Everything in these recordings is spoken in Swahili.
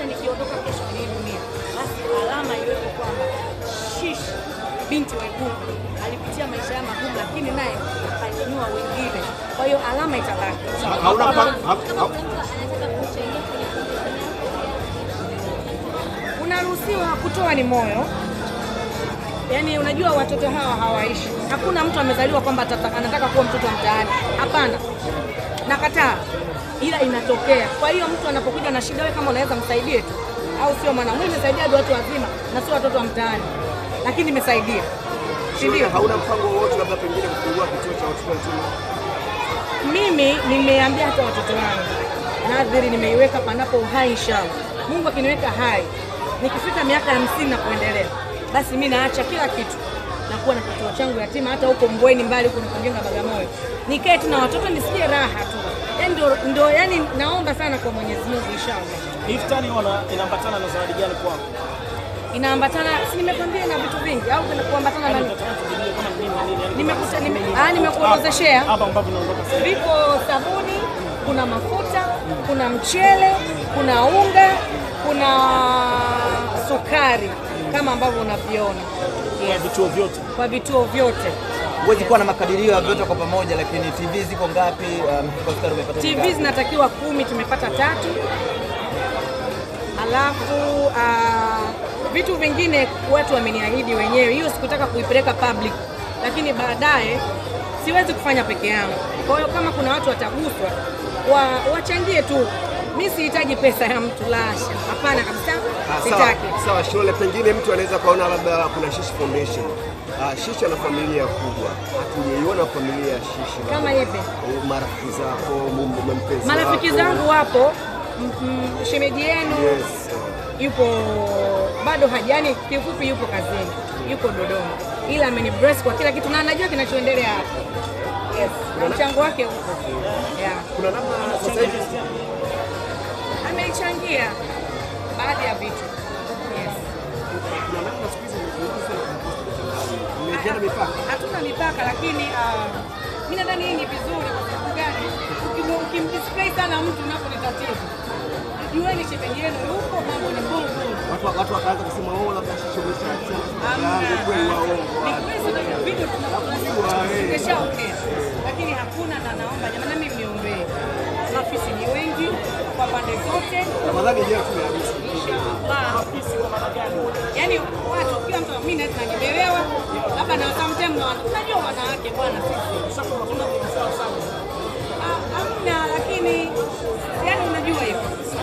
hata nikiondoka kesho kwenye dunia, basi alama iwepo kwamba shish binti wa Igungu alipitia maisha ya magumu, lakini naye akainua wengine. Kwa hiyo alama itabaki. Hauna unaruhusiwa kutoa ni moyo Yaani unajua watoto hawa hawaishi. Hakuna mtu amezaliwa kwamba anataka kuwa mtoto wa mtaani. Hapana, nakataa ila inatokea. Kwa hiyo mtu anapokuja na shida, wewe kama unaweza msaidie tu, au sio? Maana mimi nimesaidia watu wazima na sio watoto wa mtaani, lakini nimesaidia, si ndio? Hauna mpango wowote labda pengine kufungua kituo cha watoto yatima? Mimi nimeambia hata watoto wangu nadhiri nimeiweka panapo uhai, inshallah Mungu akiniweka hai, nikifika miaka hamsini na kuendelea, basi mi naacha kila kitu nakuwa na kituo changu yatima, hata huko Mbweni mbali huko nikojenga Bagamoyo, nikae tu na watoto nisikie raha tu ndo yani, naomba sana kwa Mwenyezi Mungu inshallah. Iftari inaambatana na zawadi gani kwako? Inaambatana, si nimekwambia na vitu vingi au kuambatana na nini? Nimekuorozeshea vipo sabuni, kuna mafuta, kuna mchele, kuna unga, kuna sukari kama ambavyo unaviona. Kwa vituo vyote, kwa vituo vyote huwezi kuwa na makadirio ya vyote kwa pamoja, lakini TV ziko ngapi? Um, TV zinatakiwa kumi, tumepata tatu. Alafu uh, vitu vingine watu wameniahidi wenyewe, hiyo sikutaka kuipeleka public, lakini baadaye siwezi kufanya peke yangu. Kwa hiyo kama kuna watu wataguswa, wa, wachangie tu mi sihitaji pesa ya mtu, lasha, hapana kabisa, ah, sitaki. Sawa, Shule, pengine mtu anaweza kaona labda kuna Shish Foundation Ah, Shisha na familia kubwa, hatujaiona familia ya Shisha kama ipi. Eh, marafiki zako mpenzi, marafiki zangu wapo, shemeji yenu yes. yupo bado hajani, kifupi yupo kazini, yuko Dodoma, ila amenibrace kwa kila kitu na anajua kinachoendelea hapo. yes. na mchango wake huko yeah. kuna namna sasa hivi ameichangia baadhi ya vitu Hamjana mipaka? Hatuna mipaka, lakini mimi uh, nadhani hii ni vizuri. Kwa sababu gani? Ukimdisplay sana mtu unapo ni tatizo. Jueni shemeji yenu yuko, mambo ni bungu. Watu watu wakaanza kusema wao, oh, labda sasa ni shishomeshaeshaongea, lakini hakuna na naomba jamani, mimi niombe maafisi ni wengi kwa pande zote. Ramadhani je, kuna Inshallah. Maafisi wa maana gani? Yaani watu kila mtu mimi naweza nibelewa hapa na sometimes na wanawake bwana sisi ah, hamna lakini yani unajua hiyo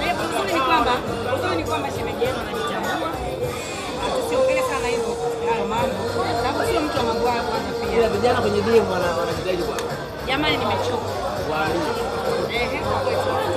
eh, uzuri ni kwamba uzuri ni kwamba shemeji yenu ananitambua ah, tusiongele sana hizo hayo mambo sababu sio mtu wa mambo yako kwanza pia vijana kwenye DM wanajitahidi jamani nimechoka ehe kwa kweli